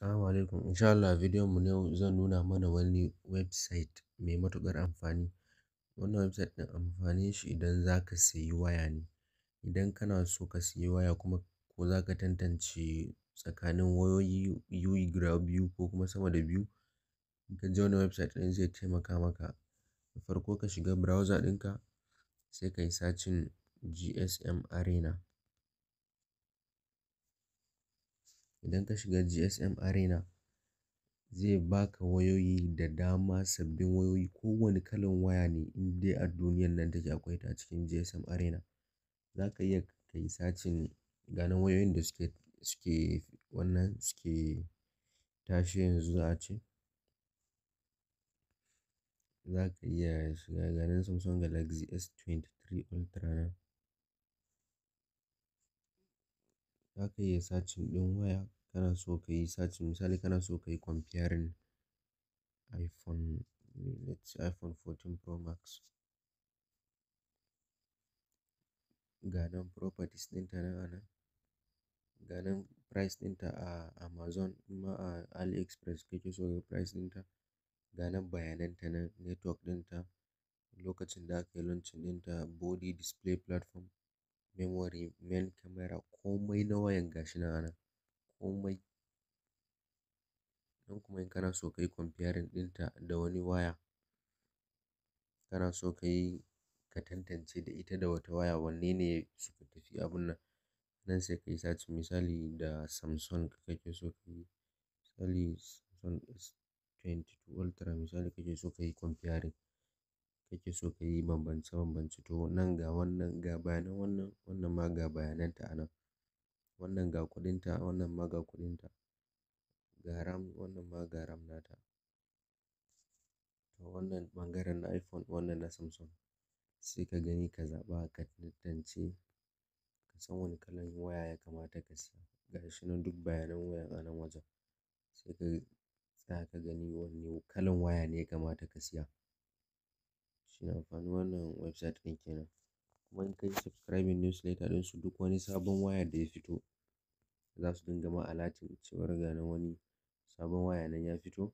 Assalamu alaikum. In sha Allah bidiyon mu na yau zan nuna mana wani website mai matuƙar amfani. Wannan website ɗin amfanin shi idan zaka ka sayi waya ne. Idan kana so ka sayi waya kuma ko zaka tantance tsakanin wayoyi yuwi guda biyu ko kuma sama da biyu, in ka je wannan website ɗin zai taimaka maka. Da farko ka shiga browser ɗinka sai kayi yi searching GSM Arena. Idan ka shiga GSM Arena zai baka wayoyi da dama, sabbin wayoyi. Ko wani kalan waya ne in dai a duniyan nan take akwai ta a cikin GSM Arena. Za ka iya ka yi sacin ganin wayoyin da suke, suke wannan suke tashe yanzu za a ce. Za ka iya shiga ganin Samsung Galaxy S23 Ultra nan. Za ka iya sacin ɗin waya kana so ka yi misali kana so ka yi comparing iPhone let's say iPhone 14 Pro Max. Ga nan properties ɗinta nan a nan, ga nan price ɗinta a Amazon ma a AliExpress kake so ga price ɗinta, ga nan bayanan ta nan network ɗinta, lokacin da aka yi launching ɗinta, body, display platform, memory, main camera komai na wayan gashi nan a nan. komai. don kuma in kana so ka yi comparing ɗinta da wani waya, kana so ka yi ka tantance da ita da wata waya wanne ne suka tafi abin nan. Nan sai ka yi searching misali da samson kake so ka yi misali samson S22 Ultra misali kake so ka yi comparing, kake so ka yi bambance bambance to nan ga wannan ga bayanan wannan, wannan ma ga bayananta a nan. wannan ga kuɗinta wannan ma ga kuɗinta. Ga RAM wannan ma ga RAM nata. To wannan ɓangaren na iPhone wannan na Samsung. Sai ka gani ka zaɓa ka tantance ka san wani kalan waya ya kamata ka siya. Ga shi nan duk bayanan wayan a nan wajen. Sai ka tsaya ka gani wanne kalan waya ne ya kamata ka siya. Shi amfanin wannan website ɗin kenan. Kuma in ka yi subscribing newsletter ɗinsu duk wani sabon waya da ya fito za su dinga ma alerting cewar ga nan wani sabon waya nan ya fito.